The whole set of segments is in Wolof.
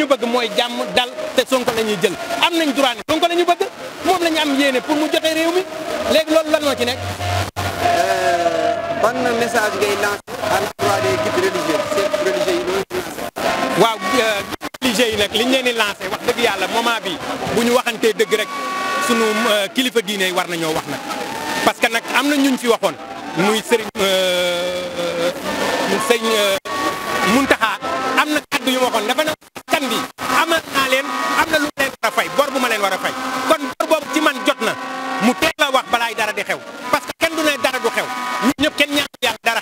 ñu bëgg mooy jàmm dal te Sonko la ñuy jël am nañ droit ne la ñu bëgg moom la ñu am yéene pour mu joxe réew léegi loolu lan moo ci nekk. Euh, ban message ngay lancer à l'endroit des guides religieux euh, nag liñ leen di lancer wax dëgg yàlla moment bi bu ñu waxantee dëgg rek sunu euh, kilifa diine yi war nañoo wax nag parce que nag am na ñuñ fi waxoon muy sëriñ sëñ Muntaxa am na kàddu yu waxoon dafa ne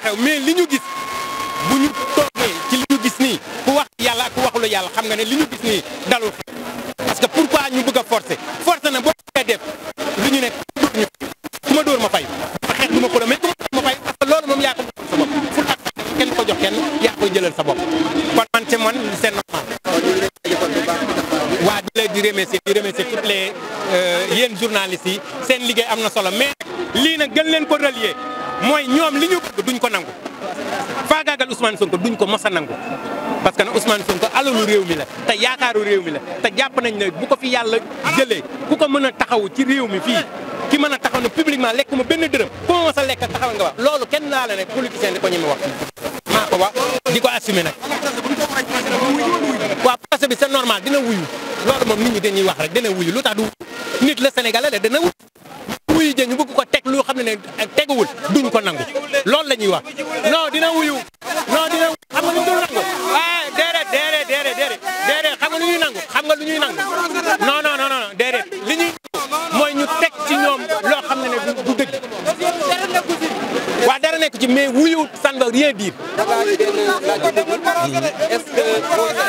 xew mais li ñu gis bu ñu toogee ci li ñu gis nii ku wax yàlla ak ku waxulu yàlla xam nga ne li ñu gis nii dalul xel parce que pourquoi ñu bëgg a forcer forcer na boo koy def li ñu nekk dóor ñu su ma dóor ma fay ma xeex du ma ko mais ku ma dóor ma fay parce que moom yaa ko sa bopp fu la jox kenn yaa koy jëlal sa bopp kon man ci man c'est normal waa di lay di remercier di remercier toutes les euh, yéen journalistes yi seen liggéey am na solo mais lii nag gën leen ko relier mooy ñoom li ñu bëgg duñ ko nangu faagaagal Ousmane Sonko duñ ko mos a nangu parce que nag Ousmane Sonko alalu réew mi la te yaakaaru réew mi la te jàpp nañ ne bu ko fi yàlla jëlee ku ko mën a taxaw ci réew mi fii ki mën a taxaw ne publiquement lekk ma benn dërëm ku ma mos a lekk taxaw nga wax loolu kenn laa la ne politicien di ko ñeme wax maa ko wax di ko assumer nag waaw procès bi c'est normal dina wuyu loolu moom nit ñi dañuy wax rek dina wuyu lu tax du nit la sénégalais la dina wuyu jë ñu bëgg ko teg lu xam ne ne teguwul duñ ko nangu loolu la ñuy wax non dina wuyu non dina xam nga lu dul nangu ah déedéet déedéet déedéet déedéet déedéet xam nga lu ñuy nangu xam nga lu ñuy nangu non non non non déedéet li ñuy mooy ñu teg ci ñoom loo xam ne ne du dëgg waaw dara nekk ci mais wuyu ça ne veut rien dire. est-ce que boo déggee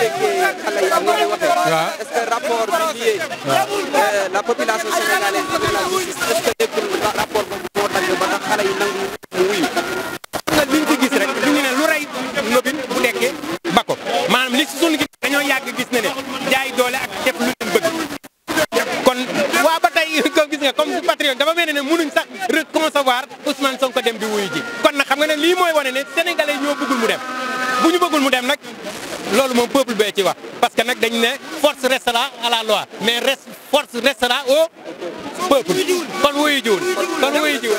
xale yi am na waxee. est-ce que rapport bi lié euh, la population sénégalaise wuyu xam nga liñ ci gis rek ñu ngi ne lu rey nobin bu dekkee ba ko maanaam li si sunu gis dañoo yàgg gis ne ne jaay doole ak def lu leen bëgg kon waa ba tey ko gis nga comme patriote dafa mel ne mënuñ sax reconcevoir Ousmane Sonko dem di wuyu ji kon nag xam nga ne lii mooy wane ne sénégalais ñoo bëggul mu dem bu ñu bëggul mu dem nag loolu moom peuple bee ci wax parce que nag dañu ne force restera a la loi mais force restera au peuple kon wuyu jiwul kon wuyu